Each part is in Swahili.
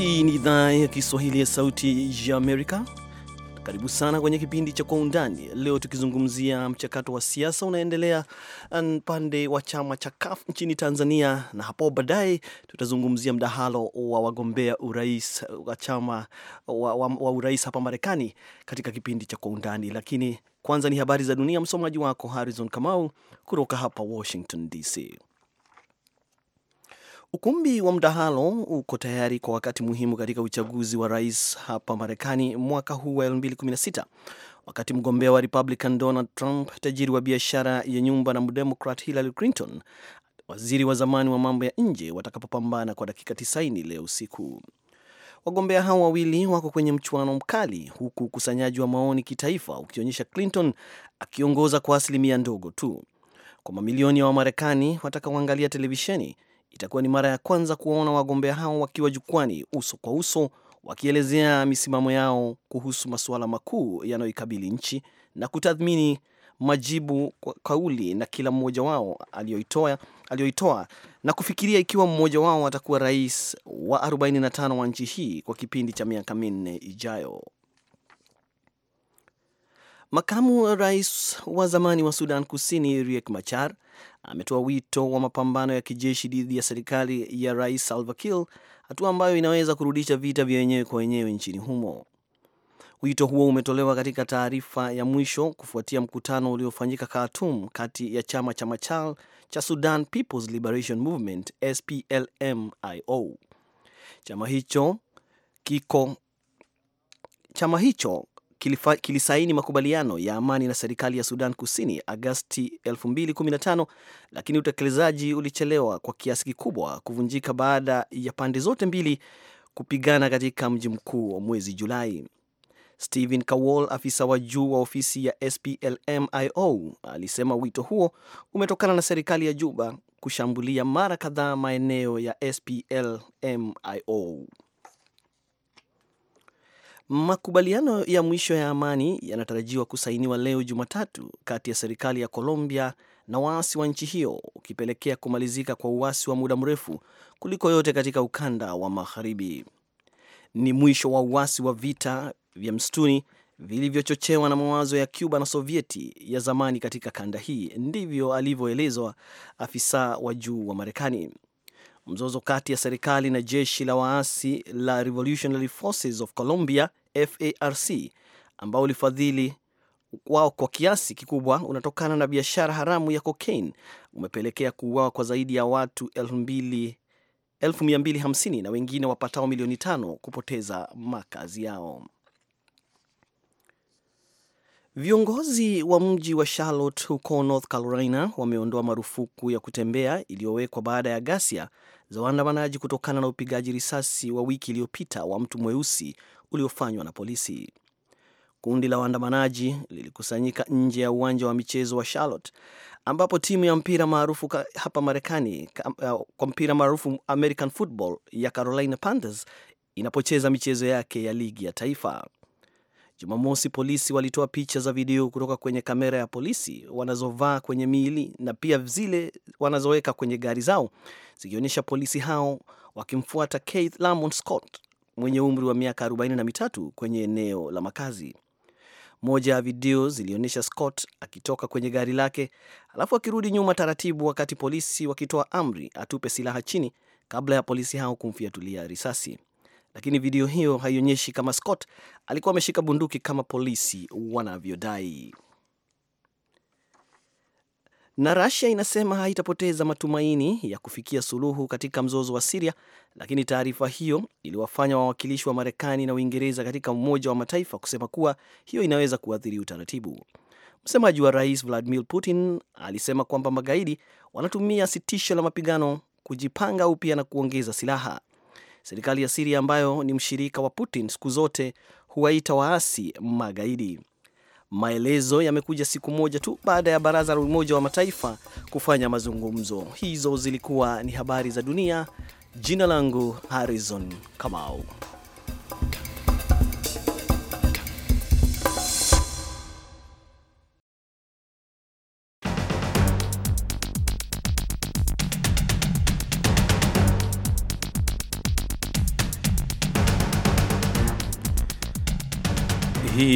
Hii ni idhaa ya Kiswahili ya Sauti ya Amerika. Karibu sana kwenye kipindi cha Kwa Undani. Leo tukizungumzia mchakato wa siasa unaendelea pande wa chama cha KAF nchini Tanzania, na hapo baadaye tutazungumzia mdahalo wa wagombea urais wa chama wa, wa, wa urais hapa Marekani katika kipindi cha Kwa Undani, lakini kwanza ni habari za dunia. Msomaji wako Harrison Kamau kutoka hapa Washington DC. Ukumbi wa mdahalo uko tayari kwa wakati muhimu katika uchaguzi wa rais hapa Marekani mwaka huu wa 2016 wakati mgombea wa Republican Donald Trump, tajiri wa biashara ya nyumba, na Mdemokrat Hillary Clinton, waziri wa zamani wa mambo ya nje, watakapopambana kwa dakika 90 leo usiku. Wagombea hao wawili wako kwenye mchuano mkali, huku ukusanyaji wa maoni kitaifa ukionyesha Clinton akiongoza kwa asilimia ndogo tu. Kwa mamilioni ya Wamarekani watakaoangalia televisheni Itakuwa ni mara ya kwanza kuwaona wagombea hao wakiwa jukwani uso kwa uso wakielezea misimamo yao kuhusu masuala makuu yanayoikabili nchi na kutathmini majibu kwa kauli na kila mmoja wao aliyoitoa aliyoitoa na kufikiria ikiwa mmoja wao atakuwa rais wa 45 wa nchi hii kwa kipindi cha miaka minne ijayo. Makamu wa rais wa zamani wa Sudan Kusini Riek Machar ametoa wito wa mapambano ya kijeshi dhidi ya serikali ya Rais Salva Kiir, hatua ambayo inaweza kurudisha vita vya wenyewe kwa wenyewe nchini humo. Wito huo umetolewa katika taarifa ya mwisho kufuatia mkutano uliofanyika Khartoum kati ya chama cha Machal cha Sudan People's Liberation Movement SPLMIO. Chama hicho kiko chama hicho kilisaini makubaliano ya amani na serikali ya Sudan Kusini Agasti 2015 lakini utekelezaji ulichelewa kwa kiasi kikubwa kuvunjika baada ya pande zote mbili kupigana katika mji mkuu wa mwezi Julai. Stephen Kowal, afisa wa juu wa ofisi ya SPLMIO, alisema wito huo umetokana na serikali ya Juba kushambulia mara kadhaa maeneo ya SPLMIO. Makubaliano ya mwisho ya amani yanatarajiwa kusainiwa leo Jumatatu kati ya serikali ya Colombia na waasi wa nchi hiyo ukipelekea kumalizika kwa uasi wa muda mrefu kuliko yote katika ukanda wa magharibi. Ni mwisho wa uasi wa vita vya msituni vilivyochochewa na mawazo ya Cuba na Sovieti ya zamani katika kanda hii, ndivyo alivyoelezwa afisa wa juu wa Marekani. Mzozo kati ya serikali na jeshi la waasi la Revolutionary Forces of Colombia FARC ambao ulifadhili wao kwa kiasi kikubwa unatokana na biashara haramu ya cocaine umepelekea kuuawa kwa zaidi ya watu 250 na wengine wapatao milioni tano kupoteza makazi yao. Viongozi wa mji wa Charlotte huko North Carolina wameondoa marufuku ya kutembea iliyowekwa baada ya ghasia za waandamanaji kutokana na upigaji risasi wa wiki iliyopita wa mtu mweusi uliofanywa na polisi. Kundi la waandamanaji lilikusanyika nje ya uwanja wa michezo wa Charlotte ambapo timu ya mpira maarufu hapa Marekani uh, kwa mpira maarufu American football ya Carolina Panthers inapocheza michezo yake ya ligi ya taifa. Jumamosi, polisi walitoa picha za video kutoka kwenye kamera ya polisi wanazovaa kwenye miili na pia zile wanazoweka kwenye gari zao zikionyesha polisi hao wakimfuata Keith Lamont Scott mwenye umri wa miaka 43 kwenye eneo la makazi. Moja ya video zilionyesha Scott akitoka kwenye gari lake alafu akirudi nyuma taratibu, wakati polisi wakitoa amri atupe silaha chini kabla ya polisi hao kumfiatulia risasi lakini video hiyo haionyeshi kama Scott alikuwa ameshika bunduki kama polisi wanavyodai. Na Russia inasema haitapoteza matumaini ya kufikia suluhu katika mzozo wa Siria, lakini taarifa hiyo iliwafanya wawakilishi wa Marekani na Uingereza katika Umoja wa Mataifa kusema kuwa hiyo inaweza kuathiri utaratibu. Msemaji wa rais Vladimir Putin alisema kwamba magaidi wanatumia sitisho la mapigano kujipanga upya na kuongeza silaha. Serikali ya Siria ambayo ni mshirika wa Putin siku zote huwaita waasi magaidi. Maelezo yamekuja siku moja tu baada ya baraza la Umoja wa Mataifa kufanya mazungumzo. Hizo zilikuwa ni habari za dunia. Jina langu Harrison Kamau.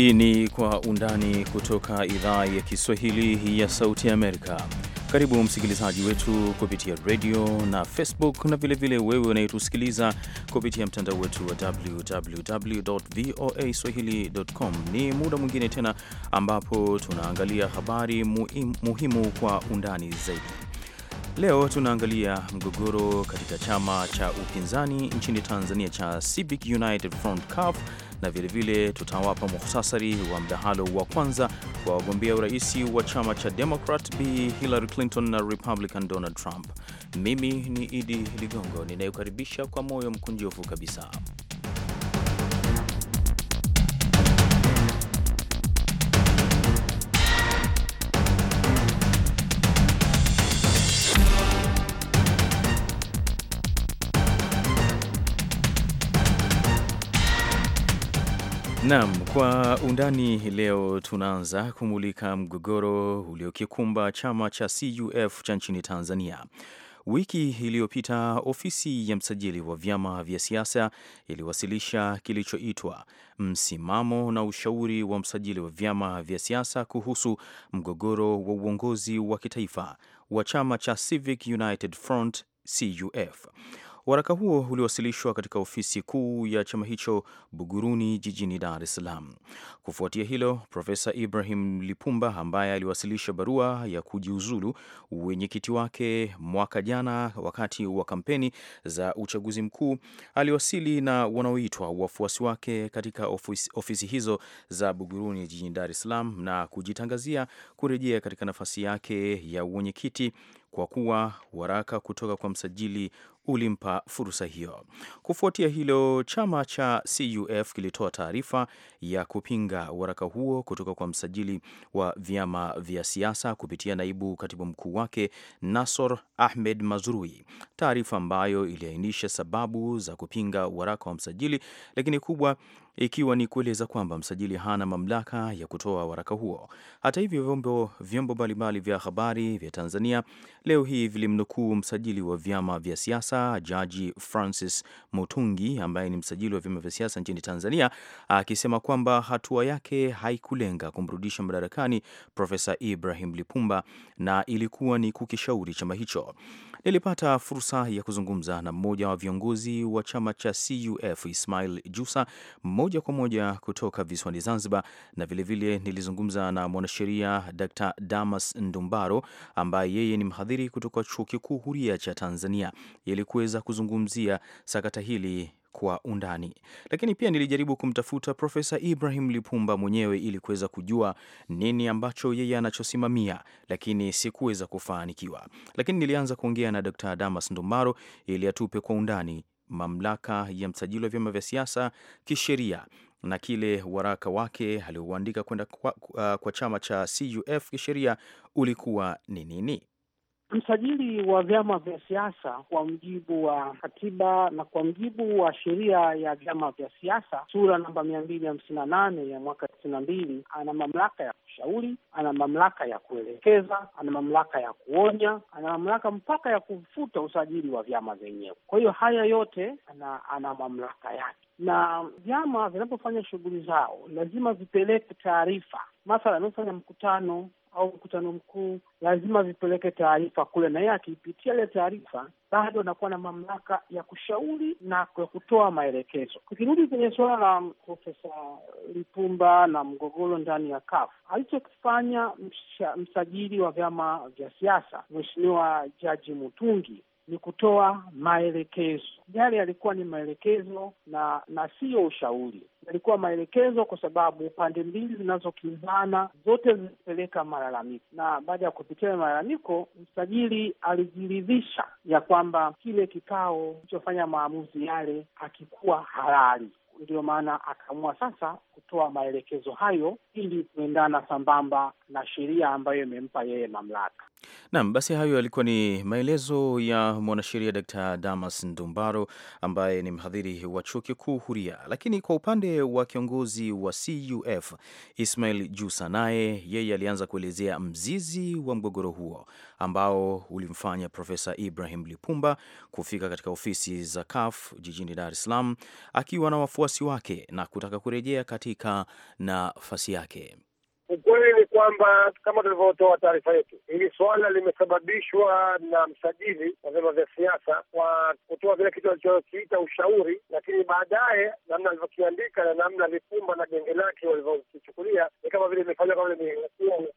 Hii ni Kwa Undani kutoka idhaa ya Kiswahili ya Sauti ya Amerika. Karibu msikilizaji wetu kupitia redio na Facebook na vilevile vile wewe unayetusikiliza kupitia mtandao wetu wa www voa swahili.com. Ni muda mwingine tena ambapo tunaangalia habari muhimu, muhimu kwa undani zaidi. Leo tunaangalia mgogoro katika chama cha upinzani nchini Tanzania cha Civic United Front CUF na vilevile tutawapa muhtasari wa mdahalo wa kwanza wa wagombea urais wa chama cha Democrat b Hillary Clinton na Republican Donald Trump. Mimi ni Idi Ligongo ninayokaribisha kwa moyo mkunjofu kabisa. Naam, kwa undani leo tunaanza kumulika mgogoro uliokikumba chama cha CUF cha nchini Tanzania. Wiki iliyopita ofisi ya msajili wa vyama vya siasa iliwasilisha kilichoitwa msimamo na ushauri wa msajili wa vyama vya siasa kuhusu mgogoro wa uongozi wa kitaifa wa chama cha Civic United Front CUF. Waraka huo uliwasilishwa katika ofisi kuu ya chama hicho Buguruni jijini Dar es Salaam. Kufuatia hilo, Profesa Ibrahim Lipumba ambaye aliwasilisha barua ya kujiuzulu wenyekiti wake mwaka jana wakati wa kampeni za uchaguzi mkuu, aliwasili na wanaoitwa wafuasi wake katika ofisi, ofisi hizo za Buguruni jijini Dar es Salaam na kujitangazia kurejea katika nafasi yake ya wenyekiti kwa kuwa waraka kutoka kwa msajili ulimpa fursa hiyo. Kufuatia hilo, chama cha CUF kilitoa taarifa ya kupinga waraka huo kutoka kwa msajili wa vyama vya siasa kupitia naibu katibu mkuu wake Nasor Ahmed Mazrui, taarifa ambayo iliainisha sababu za kupinga waraka wa msajili, lakini kubwa ikiwa ni kueleza kwamba msajili hana mamlaka ya kutoa waraka huo. Hata hivyo, vyombo mbalimbali vya habari vya Tanzania leo hii vilimnukuu msajili wa vyama vya siasa Jaji Francis Mutungi, ambaye ni msajili wa vyama vya siasa nchini Tanzania, akisema kwamba hatua yake haikulenga kumrudisha madarakani Profesa Ibrahim Lipumba na ilikuwa ni kukishauri chama hicho nilipata fursa ya kuzungumza na mmoja wa viongozi wa chama cha CUF Ismail Jusa, moja kwa moja kutoka visiwani Zanzibar, na vilevile vile nilizungumza na mwanasheria Dr. Damas Ndumbaro ambaye yeye ni mhadhiri kutoka Chuo Kikuu Huria cha Tanzania ili kuweza kuzungumzia sakata hili kwa undani, lakini pia nilijaribu kumtafuta Profesa Ibrahim Lipumba mwenyewe ili kuweza kujua nini ambacho yeye anachosimamia, lakini sikuweza kufanikiwa. Lakini nilianza kuongea na Dr. Damas Ndumbaro ili atupe kwa undani mamlaka ya msajili wa vyama vya siasa kisheria na kile waraka wake aliouandika kwenda kwa, uh, kwa chama cha CUF kisheria ulikuwa ni nini? Msajili wa vyama vya siasa kwa mujibu wa katiba na kwa mujibu wa sheria ya vyama vya siasa sura namba mia mbili hamsini na nane ya mwaka tisini na mbili ana mamlaka ya kushauri, ana mamlaka ya kuelekeza, ana mamlaka ya kuonya, ana mamlaka mpaka ya kufuta usajili wa vyama vyenyewe. Kwa hiyo haya yote ana, ana mamlaka yake, na vyama vinapofanya shughuli zao lazima vipeleke taarifa. Mathalan, amefanya mkutano au mkutano mkuu lazima vipeleke taarifa kule, na yeye akiipitia ile taarifa bado anakuwa na mamlaka ya kushauri na ya kutoa maelekezo. Tukirudi kwenye suala la Profesa Lipumba na mgogoro ndani ya CUF, alichokifanya msajili wa vyama vya siasa Mheshimiwa Jaji Mutungi ni kutoa maelekezo. Yale yalikuwa ni maelekezo na na siyo ushauri, yalikuwa maelekezo, kwa sababu pande mbili zinazokinzana zote zilipeleka malalamiko, na baada ya kupitia malalamiko, msajili alijiridhisha ya kwamba kile kikao kilichofanya maamuzi yale hakikuwa halali. Ndiyo maana akaamua sasa kutoa maelekezo hayo ili kuendana sambamba na sheria ambayo imempa yeye mamlaka. Nam, basi hayo yalikuwa ni maelezo ya mwanasheria Dr. Damas Ndumbaro ambaye ni mhadhiri wa chuo kikuu Huria. Lakini kwa upande wa kiongozi wa CUF Ismail Jusa, naye yeye alianza kuelezea mzizi wa mgogoro huo ambao ulimfanya Profesa Ibrahim Lipumba kufika katika ofisi za CUF jijini Dar es Salaam akiwa na wafuasi wake na kutaka kurejea katika nafasi yake. Ukweli ni kwamba kama tulivyotoa taarifa yetu, hili suala limesababishwa na msajili wa vyama vya siasa kwa kutoa kile kitu alichokiita ushauri, lakini baadaye namna alivyokiandika na namna Lipumba na genge lake walivyokichukulia ni kama vile imefanywa kama vile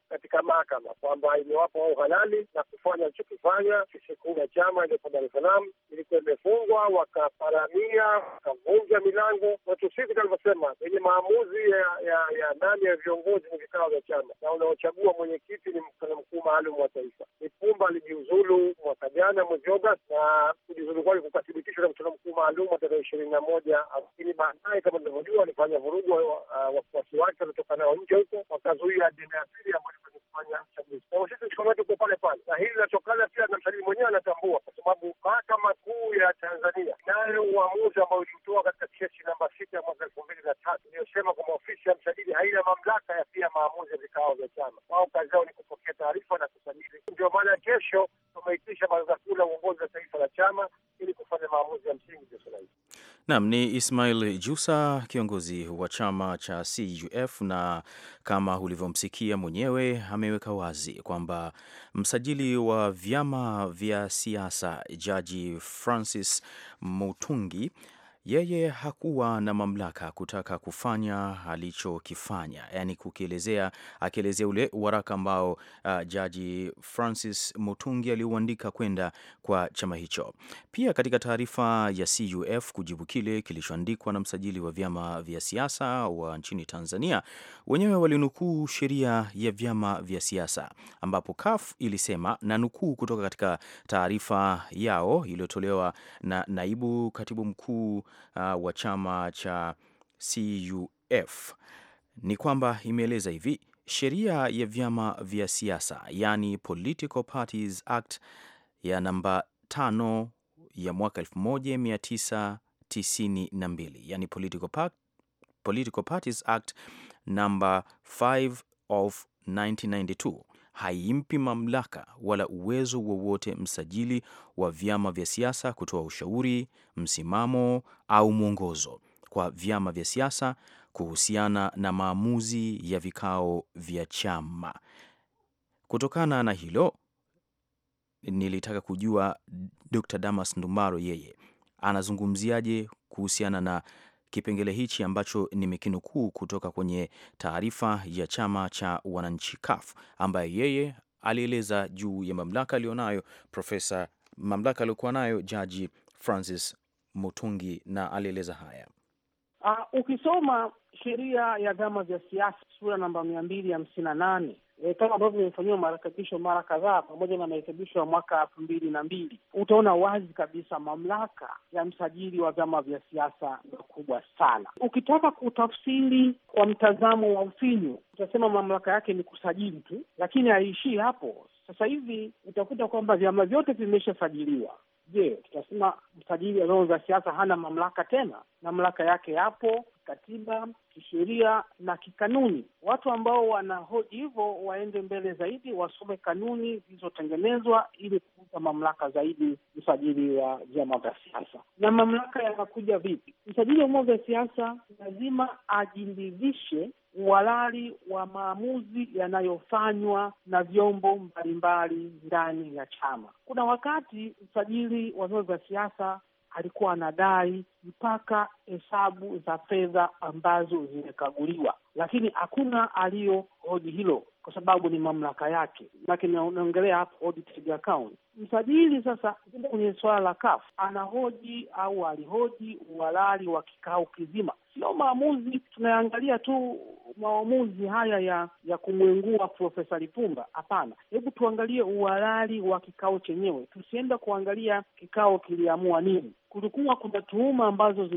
katika mahakama kwamba imewapa wao halali na kufanya chuki kufanya. ofisi kuu ya chama iliyoko Dar es Salaam ilikuwa imefungwa, wakaparamia, wakavunja milango. Watu sisi tunavyosema, yenye maamuzi ya ya ya ndani ya viongozi ni vikao vya chama, na unaochagua mwenyekiti ni mkutano mkuu maalum wa taifa. Lipumba alijiuzulu mwaka jana mwezi Agosti, na kujiuzulu kwake kukathibitishwa na mkutano mkuu maalum wa tarehe ishirini na moja, lakini baadaye kama tunavyojua walifanya vurugu, wafuasi wake waliotoka nao nje huko, wakazuia ajenda ya pili ambayo kufanya uchaguzi. Kwa hiyo sisi pale pale hili linatokana pia na msajili mwenyewe anatambua, kwa sababu mahakama kuu ya Tanzania nayo uamuzi ambao ilitoa katika kesi namba sita ya mwaka elfu mbili na tatu iliyosema kwamba ofisi ya msajili haina mamlaka ya pia maamuzi ya vikao vya chama. Wao kazi yao ni kupokea taarifa na kusajili. Ndio maana kesho tumeitisha baraza kuu la uongozi wa taifa la chama ili kufanya maamuzi ya msingi. Naam, ni Ismail Jusa, kiongozi wa chama cha CUF, na kama ulivyomsikia mwenyewe ameweka wazi kwamba msajili wa vyama vya siasa Jaji Francis Mutungi yeye hakuwa na mamlaka kutaka kufanya alichokifanya, yani kukielezea, akielezea ule waraka ambao uh, jaji Francis Mutungi aliuandika kwenda kwa chama hicho. Pia katika taarifa ya CUF kujibu kile kilichoandikwa na msajili wa vyama vya siasa wa nchini Tanzania, wenyewe walinukuu sheria ya vyama vya siasa ambapo CUF ilisema, na nukuu kutoka katika taarifa yao iliyotolewa na naibu katibu mkuu uh, wa chama cha CUF ni kwamba imeeleza hivi: sheria ya vyama vya siasa yani Political Parties Act ya namba 5 ya mwaka 1992 yani Political, pa Political Parties Act namba 5 of 1992 haimpi mamlaka wala uwezo wowote msajili wa vyama vya siasa kutoa ushauri, msimamo au mwongozo kwa vyama vya siasa kuhusiana na maamuzi ya vikao vya chama. Kutokana na hilo, nilitaka kujua Dr. Damas Ndumbaro yeye anazungumziaje kuhusiana na Kipengele hichi ambacho nimekinukuu kutoka kwenye taarifa ya chama cha wananchi CUF, ambaye yeye alieleza juu ya mamlaka aliyonayo profesa, mamlaka aliyokuwa nayo Jaji Francis Mutungi, na alieleza haya. Uh, ukisoma sheria ya vyama vya siasa sura namba mia mbili hamsini na nane e, kama ambavyo imefanyiwa marekebisho mara kadhaa pamoja na marekebisho ya mwaka elfu mbili na mbili, utaona wazi kabisa mamlaka ya msajili wa vyama vya siasa ni kubwa sana. Ukitaka kutafsiri kwa mtazamo wa ufinyu, utasema mamlaka yake ni kusajili tu, lakini haiishii hapo. Sasa hivi utakuta kwamba vyama vyote vimeshasajiliwa Je, tutasema msajili wa vyama vya siasa hana mamlaka tena? Mamlaka yake yapo katiba, kisheria na kikanuni. Watu ambao wanahoji hivyo waende mbele zaidi, wasome kanuni zilizotengenezwa ili kuuza mamlaka zaidi msajili wa vyama vya siasa. Na mamlaka yanakuja vipi? Msajili wa vyama vya siasa lazima ajiridhishe uhalali wa maamuzi yanayofanywa na vyombo mbalimbali ndani ya chama. Kuna wakati msajili wa vyombo vya siasa alikuwa anadai mpaka hesabu za fedha ambazo zimekaguliwa, lakini hakuna aliyohoji hilo kwa sababu ni mamlaka yake, lakini naongelea hapo audited account. Msajili sasa kwenye swala la CAF anahoji au alihoji uhalali wa kikao kizima, sio maamuzi. Tunaangalia tu maamuzi haya ya ya kumwengua Profesa Lipumba, hapana. Hebu tuangalie uhalali wa kikao chenyewe, tusienda kuangalia kikao kiliamua nini. Kulikuwa kuna tuhuma ambazo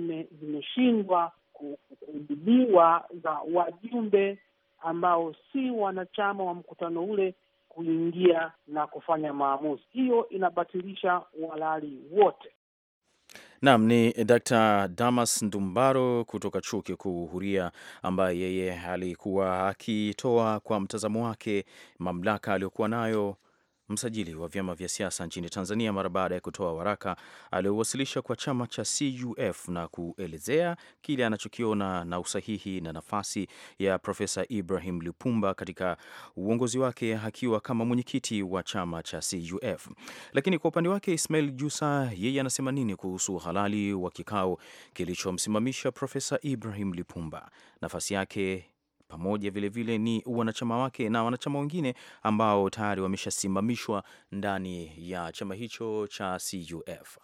zimeshindwa zime kujibiwa za wajumbe ambao si wanachama wa mkutano ule kuingia na kufanya maamuzi. Hiyo inabatilisha uhalali wote. Naam, ni Dr. Damas Ndumbaro kutoka Chuo Kikuu Huria, ambaye yeye alikuwa akitoa kwa mtazamo wake mamlaka aliyokuwa nayo msajili wa vyama vya siasa nchini Tanzania mara baada ya kutoa waraka aliowasilisha kwa chama cha CUF na kuelezea kile anachokiona na usahihi na nafasi ya Profesa Ibrahim Lipumba katika uongozi wake akiwa kama mwenyekiti wa chama cha CUF. Lakini kwa upande wake Ismail Jusa, yeye anasema nini kuhusu uhalali wa kikao kilichomsimamisha Profesa Ibrahim Lipumba, nafasi yake pamoja vilevile vile ni wanachama wake na wanachama wengine ambao tayari wameshasimamishwa ndani ya chama hicho cha CUF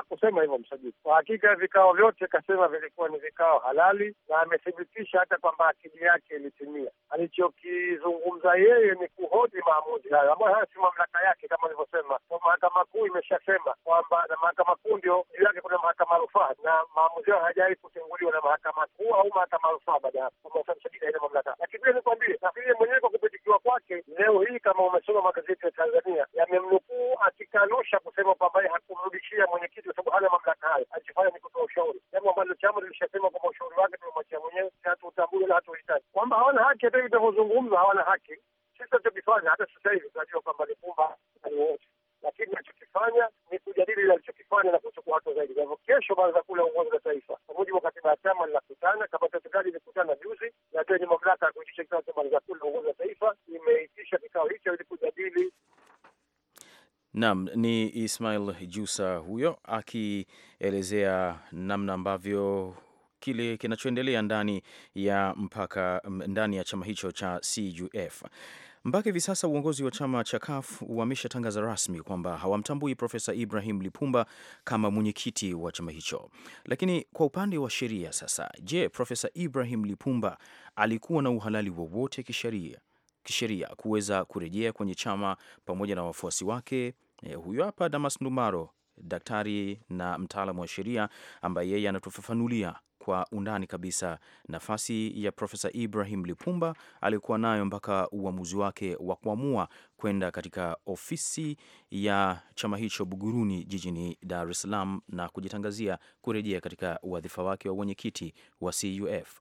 kusema hivyo msajili. Kwa hakika vikao vyote kasema vilikuwa ni vikao halali, na amethibitisha hata kwamba akili yake ilitimia. Alichokizungumza yeye ni kuhoji maamuzi hayo ambayo haya si mamlaka yake, kama alivyosema. kwa mahakama kuu imeshasema kwamba, na mahakama kuu ndio juu yake kuna mahakama rufaa, na maamuzi hayo hayajawahi kutenguliwa na mahakama kuu au mahakama rufaa. Baada ya hapo, msajili haina mamlaka, lakini pia nikwambie, nafikiri hawana haki. Sisi tunachokifanya hata sasa hivi tunajua kwamba Lipumba wote, lakini nachokifanya ni kujadili alichokifanya na kuchukua hatua zaidi. Kwa hivyo, kesho baraza kuu la uongozi wa taifa kwa mujibu wa katiba ya chama linakutana, kama serikali imekutana juzi na tena mamlaka ya kuitisha kikao cha baraza kuu la uongozi wa taifa, imeitisha kikao hicho ili kujadili Naam, ni Ismail Jusa huyo akielezea namna ambavyo kile kinachoendelea ndani ya mpaka ndani ya chama hicho cha CUF. Mpaka hivi sasa uongozi wa chama cha CUF wameshatangaza rasmi kwamba hawamtambui Profesa Ibrahim Lipumba kama mwenyekiti wa chama hicho. Lakini kwa upande wa sheria sasa, je, Profesa Ibrahim Lipumba alikuwa na uhalali wowote kisheria kisheria kuweza kurejea kwenye chama pamoja na wafuasi wake? E, eh, huyo hapa Damas Ndumaro, daktari na mtaalamu wa sheria ambaye yeye anatufafanulia kwa undani kabisa nafasi ya Profesa Ibrahim Lipumba aliyokuwa nayo mpaka uamuzi wake wa kuamua kwenda katika ofisi ya chama hicho Buguruni jijini Dar es Salaam na kujitangazia kurejea katika wadhifa wake wa mwenyekiti wa CUF.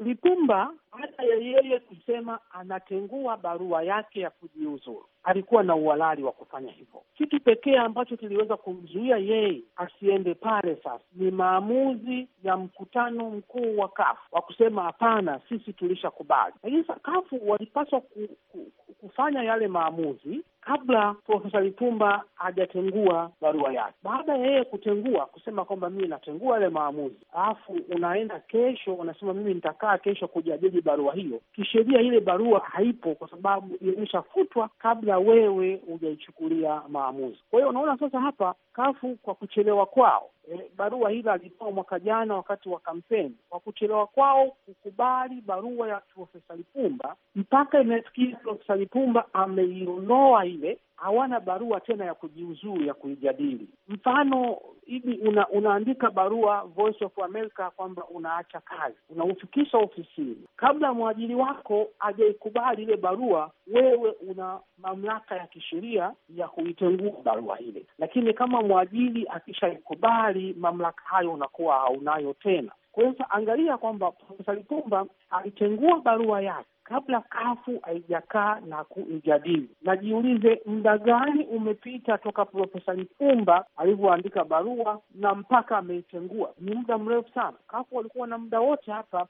Lipumba hata ya yeye kusema anatengua barua yake ya kujiuzuru alikuwa na uhalali wa kufanya hivyo. Kitu pekee ambacho kiliweza kumzuia yeye asiende pale sasa ni maamuzi ya mkutano mkuu wa kafu wa kusema hapana, sisi tulishakubali. Lakini kafu walipaswa ku, ku, kufanya yale maamuzi kabla Profesa Lipumba hajatengua barua yake. Baada ya yeye kutengua kusema kwamba mimi natengua yale maamuzi, alafu unaenda kesho unasema mimi nitakaa kesho kujadili barua hiyo, kisheria ile barua haipo kwa sababu imeshafutwa kabla na wewe hujaichukulia maamuzi. Kwa hiyo unaona sasa hapa kafu kwa kuchelewa kwao e, barua hili alitoa mwaka jana wakati wa kampeni. Kwa kuchelewa kwao kukubali barua ya Profesa Lipumba, mpaka imefikia Profesa Lipumba ameiondoa ile, hawana barua tena ya kujiuzuru ya kuijadili. Mfano hivi una, unaandika barua Voice of America kwamba unaacha kazi, unaufikisha ofisini, kabla mwajiri wako ajaikubali ile barua, wewe una mamlaka ya kisheria ya kuitengua barua ile, lakini kama mwajiri akishaikubali tayari mamlaka hayo unakuwa haunayo tena. Kwa hiyo angalia kwamba Profesa Lipumba alitengua barua yake kabla kafu haijakaa na kumjadili. Najiulize, muda gani umepita toka Profesa Nchemba alivyoandika barua na mpaka ameitengua? Ni muda mrefu sana. Kafu walikuwa na muda wote hapa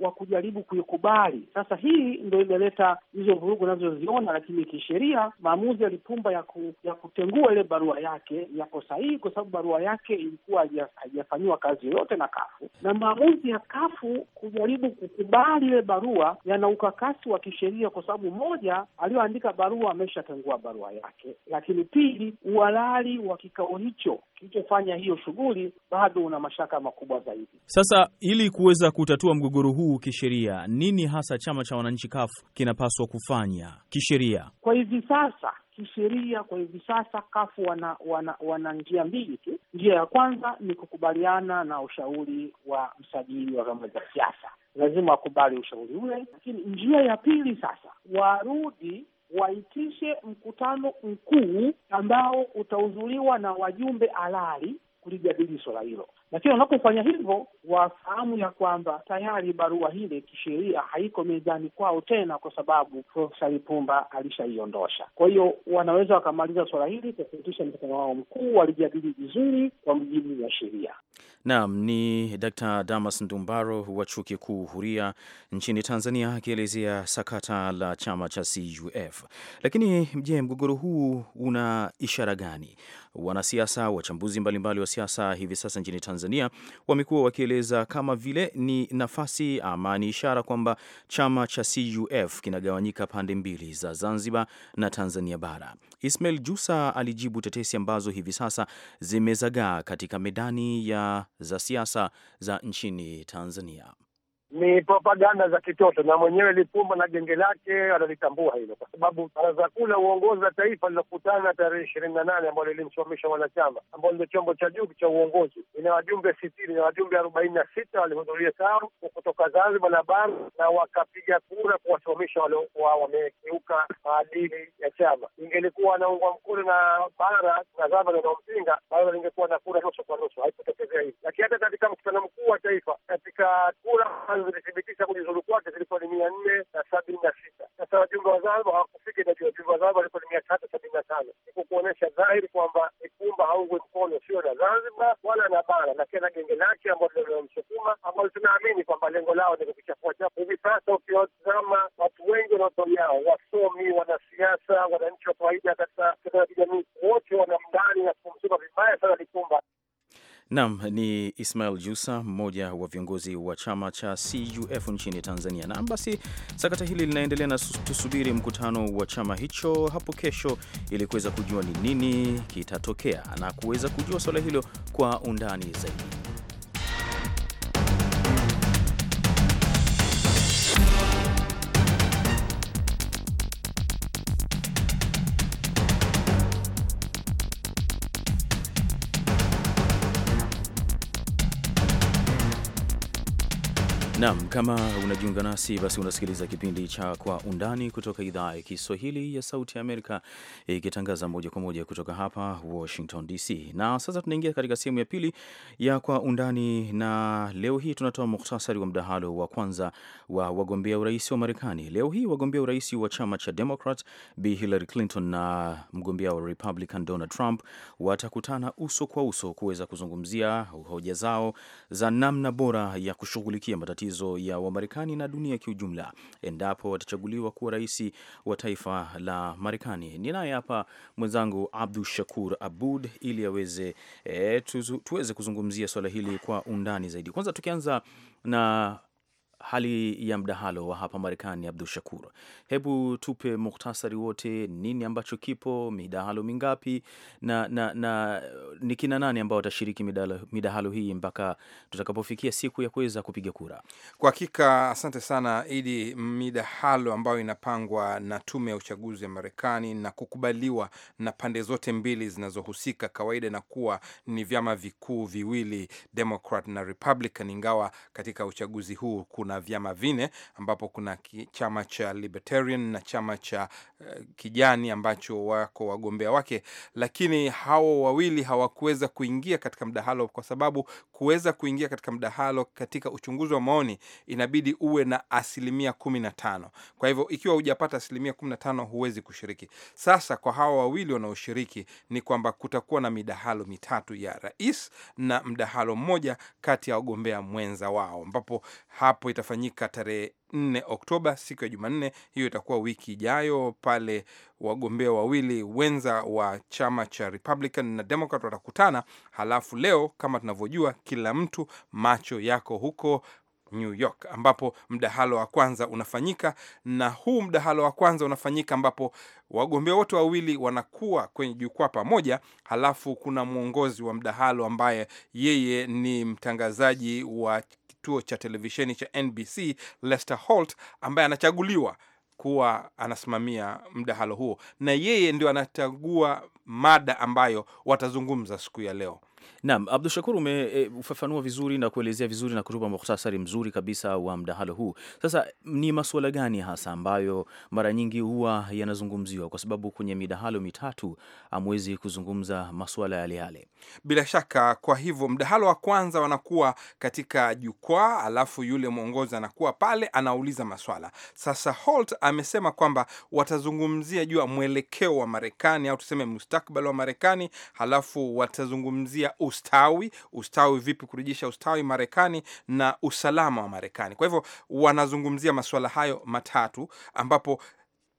wa kujaribu kuikubali. Sasa hii ndo imeleta hizo vurugu unazoziona, lakini kisheria maamuzi ya Lipumba ya, ku, ya kutengua ile barua yake yako sahihi, kwa sababu barua yake ilikuwa haijafanyiwa kazi yoyote na kafu na maamuzi ya kafu kujaribu kukubali ile barua ya yana ukakasi wa kisheria, kwa sababu moja, aliyoandika barua ameshatengua barua yake, lakini pili, uhalali wa kikao hicho kilichofanya hiyo shughuli bado una mashaka makubwa zaidi. Sasa, ili kuweza kutatua mgogoro huu kisheria, nini hasa chama cha wananchi kafu kinapaswa kufanya kisheria kwa hivi sasa? kisheria kwa hivi sasa kafu wana, wana, wana njia mbili tu. Njia ya kwanza ni kukubaliana na ushauri wa msajili wa vyama vya siasa, lazima wakubali ushauri ule. Lakini njia ya pili sasa, warudi waitishe mkutano mkuu ambao utahudhuriwa na wajumbe halali kulijadili swala hilo lakini wanapofanya hivyo wafahamu ya kwamba tayari barua hile kisheria haiko mezani kwao tena, kwa sababu Profesa Lipumba alishaiondosha. Kwa hiyo wanaweza wakamaliza suala hili kwa kuitisha mkutano wao mkuu, walijadili vizuri kwa mujibu wa sheria. Naam, ni Dr. Damas Ndumbaro wa Chuo Kikuu Huria nchini Tanzania akielezea sakata la chama cha CUF. Lakini je, mgogoro huu una ishara gani? Wanasiasa, wachambuzi mbalimbali wa siasa hivi sasa nchini Tanzania wamekuwa wakieleza kama vile ni nafasi ama ni ishara kwamba chama cha CUF kinagawanyika pande mbili za Zanzibar na Tanzania bara. Ismail Jusa alijibu tetesi ambazo hivi sasa zimezagaa katika medani ya za siasa za nchini Tanzania ni propaganda za kitoto, na mwenyewe Lipumba na genge lake analitambua hilo, kwa sababu baraza kuu la uongozi wa taifa lilokutana tarehe ishirini na nane ambalo lilimsimamisha wanachama ambao ndio chombo cha juu cha uongozi ina wajumbe sitini na wajumbe arobaini na sita walihudhuria tao kutoka Zanzibar na bara na wakapiga kura kuwasimamisha waliokuwa wamekiuka maadili ya chama. Ingelikuwa anaungwa mkono na bara na Zanzibar wanaompinga, bara lingekuwa na kura nusu kwa nusu. Haikutokezea hivi, lakini hata katika mkutano mkuu wa taifa katika kura ambazo zimethibitisha kujiuzulu kwake zilikuwa ni mia nne na sabini na sita. Sasa wajumbe wa Zanzibar hawakufika idadi ya wajumbe wa Zanzibar walikuwa ni mia tatu sabini na tano. Iko kuonyesha dhahiri kwamba Nkumba haungwi mkono sio na Zanzibar wala na bara na kila genge lake ambao linamsukuma ambao tunaamini kwamba lengo lao ni kukichafua chafu. Hivi sasa ukiwatizama watu wengi wanaotoliao wasomi, wanasiasa, wananchi wa kawaida katika sekta ya kijamii, wote wanamdani na kumsuma vibaya sana Nkumba. Nam ni Ismail Jusa, mmoja wa viongozi wa chama cha CUF nchini Tanzania. Nam basi, sakata hili linaendelea na tusubiri mkutano wa chama hicho hapo kesho, ili kuweza kujua ni nini kitatokea na kuweza kujua swala hilo kwa undani zaidi. Naam, kama unajiunga nasi basi unasikiliza kipindi cha Kwa Undani kutoka idhaa ya Kiswahili ya Sauti ya Amerika ikitangaza moja kwa moja kutoka hapa Washington DC. Na sasa tunaingia katika sehemu ya pili ya Kwa Undani, na leo hii tunatoa muhtasari wa mdahalo wa kwanza wa wagombea urais wa Marekani. Leo hii wagombea urais wa chama cha Democrat Bi Hillary Clinton na mgombea wa Republican Donald Trump watakutana uso kwa uso kuweza kuzungumzia hoja zao za namna bora ya kushughulikia matatizo matatizo ya Wamarekani na dunia kiujumla endapo watachaguliwa kuwa rais wa taifa la Marekani. Ninaye hapa mwenzangu Abdu Shakur Abud ili aweze e, tuweze kuzungumzia swala hili kwa undani zaidi. Kwanza tukianza na hali ya mdahalo wa hapa Marekani. Abdu Shakur, hebu tupe muktasari wote, nini ambacho kipo, midahalo mingapi na, na, na ni kina nani ambao watashiriki midahalo, midahalo hii mpaka tutakapofikia siku ya kuweza kupiga kura? Kwa hakika, asante sana Idi. Midahalo ambayo inapangwa na tume ya uchaguzi ya Marekani na kukubaliwa na pande zote mbili zinazohusika, kawaida na kuwa ni vyama vikuu viwili Democrat na Republican, ingawa katika uchaguzi huu kuna vyama vine ambapo kuna chama cha Libertarian na chama cha uh, kijani ambacho wako wagombea wake, lakini hao wawili hawakuweza kuingia katika mdahalo, kwa sababu kuweza kuingia katika mdahalo katika uchunguzi wa maoni inabidi uwe na asilimia kumi na tano. Kwa hivyo ikiwa hujapata asilimia kumi na tano huwezi kushiriki. Sasa kwa hawa wawili wanaoshiriki ni kwamba kutakuwa na midahalo mitatu ya rais na mdahalo mmoja kati ya wagombea mwenza wao, ambapo hapo itafanyika tarehe 4 Oktoba, siku ya Jumanne. Hiyo itakuwa wiki ijayo pale wagombea wawili wenza wa chama cha Republican na Democrat watakutana. Halafu leo kama tunavyojua, kila mtu macho yako huko New York ambapo mdahalo wa kwanza unafanyika, na huu mdahalo wa kwanza unafanyika ambapo wagombea wote wawili wanakuwa kwenye jukwaa pamoja. Halafu kuna mwongozi wa mdahalo ambaye yeye ni mtangazaji wa kituo cha televisheni cha NBC Lester Holt ambaye anachaguliwa kuwa anasimamia mdahalo huo, na yeye ndio anachagua mada ambayo watazungumza siku ya leo. Naam, Abdu Shakur, umefafanua e, vizuri na kuelezea vizuri na kutupa muhtasari mzuri kabisa wa mdahalo huu. Sasa ni masuala gani hasa ambayo mara nyingi huwa yanazungumziwa? Kwa sababu kwenye midahalo mitatu amwezi kuzungumza masuala yale yale, bila shaka. Kwa hivyo mdahalo wa kwanza wanakuwa katika jukwaa, alafu yule mwongozi anakuwa pale anauliza maswala. Sasa Holt amesema kwamba watazungumzia juu ya mwelekeo wa Marekani au tuseme mustakbali wa Marekani, halafu watazungumzia ustawi, ustawi vipi, kurejesha ustawi Marekani na usalama wa Marekani. Kwa hivyo wanazungumzia masuala hayo matatu ambapo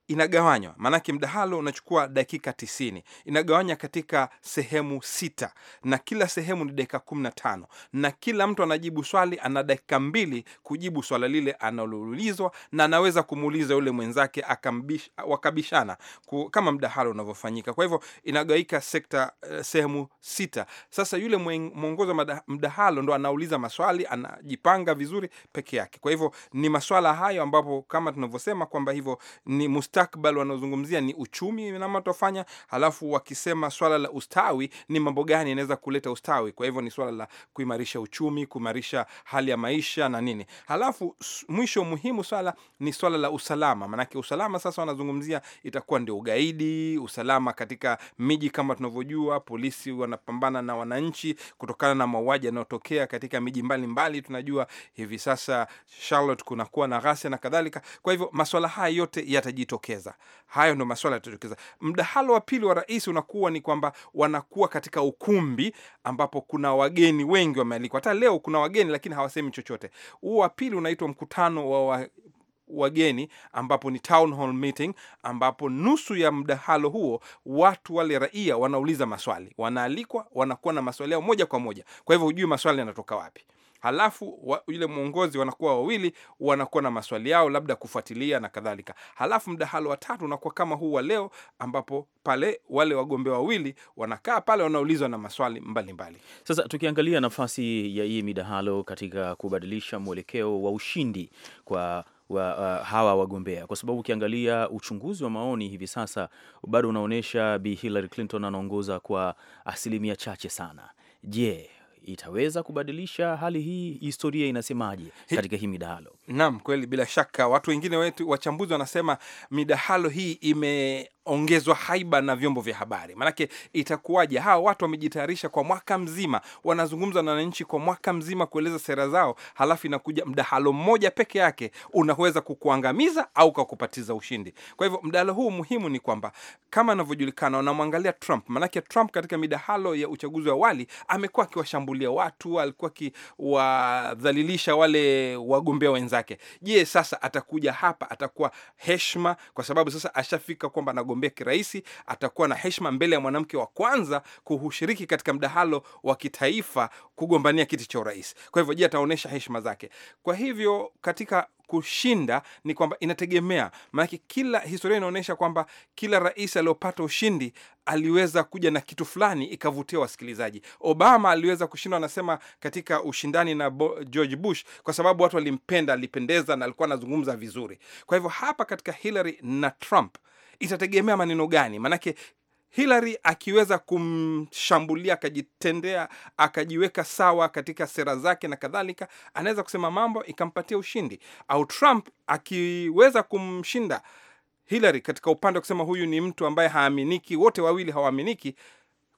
inagawanywa, maanake mdahalo unachukua dakika tisini, inagawanywa katika sehemu sita na kila sehemu ni dakika kumi na tano na kila mtu anajibu swali, ana dakika mbili kujibu swala lile analoulizwa, na anaweza kumuuliza yule mwenzake akambish, wakabishana kama mdahalo unavyofanyika. Kwa hivyo inagawika sekta eh, sehemu sita. Sasa yule mwongozi wa mdahalo ndo anauliza maswali, anajipanga vizuri peke yake. Kwa hivyo ni maswala hayo ambapo kama tunavyosema kwamba hivyo ni mustakbal wanaozungumzia ni uchumi nama tutafanya, halafu wakisema swala la ustawi ni mambo gani yanaweza kuleta ustawi. Kwa hivyo ni swala la kuimarisha uchumi, kuimarisha hali ya maisha na nini. Halafu mwisho muhimu swala ni swala la usalama, maanake usalama sasa wanazungumzia itakuwa ndio ugaidi, usalama katika miji kama tunavyojua, polisi wanapambana na wananchi kutokana na mauaji yanayotokea katika miji mbalimbali mbali. Tunajua hivi sasa Charlotte kunakuwa na ghasia na kadhalika. Kwa hivyo maswala haya yote yatajitokea yanajitokeza. Hayo ndio maswala yanajitokeza. Mdahalo wa pili wa rais unakuwa ni kwamba wanakuwa katika ukumbi ambapo kuna wageni wengi wamealikwa. Hata leo kuna wageni, lakini hawasemi chochote. Huu wa pili unaitwa mkutano wa, wa wageni ambapo ni town hall meeting, ambapo nusu ya mdahalo huo watu wale raia wanauliza maswali, wanaalikwa, wanakuwa na maswali yao moja kwa moja. Kwa hivyo hujui maswali yanatoka wapi halafu wa, yule mwongozi wanakuwa wawili, wanakuwa na maswali yao, labda kufuatilia na kadhalika. Halafu mdahalo wa tatu unakuwa kama huu wa leo, ambapo pale wale wagombea wawili wanakaa pale, wanaulizwa na maswali mbalimbali mbali. Sasa tukiangalia nafasi ya hii midahalo katika kubadilisha mwelekeo wa ushindi kwa wa, uh, hawa wagombea kwa sababu ukiangalia uchunguzi wa maoni hivi sasa bado unaonyesha Bi Hillary Clinton anaongoza kwa asilimia chache sana. Je, itaweza kubadilisha hali hii? Historia inasemaje katika hii midahalo? Naam, kweli, bila shaka watu wengine wetu wachambuzi wanasema midahalo hii ime ongezwa haiba na vyombo vya habari. Maanake itakuwaje? Hawa watu wamejitayarisha kwa mwaka mzima, wanazungumza na wananchi kwa mwaka mzima kueleza sera zao, halafu inakuja mdahalo mmoja peke yake unaweza kukuangamiza au kakupatiza ushindi. Kwa hivyo mdahalo huu muhimu ni kwamba kama anavyojulikana, wanamwangalia Trump. Maanake Trump katika midahalo ya uchaguzi wa awali amekuwa akiwashambulia watu, alikuwa akiwadhalilisha wale wagombea wenzake. Je, sasa atakuja hapa, atakuwa heshima kwa sababu sasa ashafika kwamba kugombea kiraisi atakuwa na heshima mbele ya mwanamke wa kwanza kushiriki katika mdahalo wa kitaifa kugombania kiti cha urais. Kwa hivyo, je, ataonyesha heshima zake? Kwa hivyo katika kushinda ni kwamba inategemea, maanake kila historia inaonyesha kwamba kila rais aliyopata ushindi aliweza kuja na kitu fulani ikavutia wasikilizaji. Obama aliweza kushindwa, anasema katika ushindani na George Bush kwa sababu watu walimpenda, alipendeza na alikuwa anazungumza vizuri. Kwa hivyo hapa katika Hillary na Trump itategemea maneno gani? Maanake Hillary akiweza kumshambulia akajitendea akajiweka sawa katika sera zake na kadhalika, anaweza kusema mambo ikampatia ushindi, au Trump akiweza kumshinda Hillary katika upande wa kusema huyu ni mtu ambaye haaminiki, wote wawili hawaaminiki.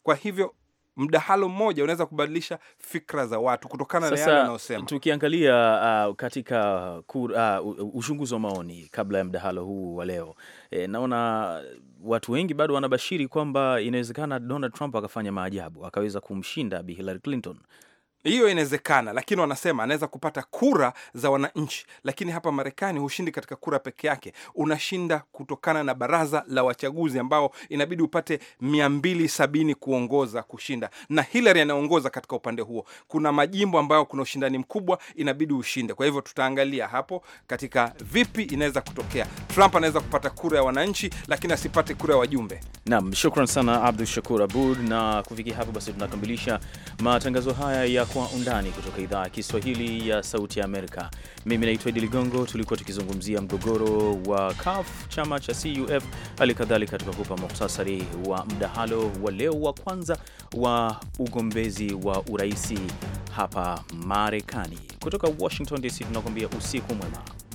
Kwa hivyo mdahalo mmoja unaweza kubadilisha fikra za watu kutokana na yale anayosema. Tukiangalia uh, katika uh, uchunguzi wa maoni kabla ya mdahalo huu wa leo e, naona watu wengi bado wanabashiri kwamba inawezekana Donald Trump akafanya maajabu akaweza kumshinda Bi Hillary Clinton hiyo inawezekana, lakini wanasema anaweza kupata kura za wananchi, lakini hapa Marekani hushindi katika kura peke yake, unashinda kutokana na baraza la wachaguzi ambao inabidi upate mia mbili sabini kuongoza kushinda, na Hillary anaongoza katika upande huo. Kuna majimbo ambayo kuna ushindani mkubwa, inabidi ushinde. Kwa hivyo tutaangalia hapo katika vipi inaweza kutokea. Trump anaweza kupata kura ya wananchi, lakini asipate kura ya wajumbe. Naam, shukran sana Abdu Shakur Abud, na kufikia hapo basi tunakamilisha matangazo haya ya kwa Undani kutoka idhaa ya Kiswahili ya Sauti ya Amerika. Mimi naitwa Idi Ligongo. Tulikuwa tukizungumzia mgogoro wa caf chama cha CUF, hali kadhalika tukakupa muhtasari wa mdahalo wa leo wa kwanza wa ugombezi wa uraisi hapa Marekani. Kutoka Washington DC tunakuambia usiku mwema.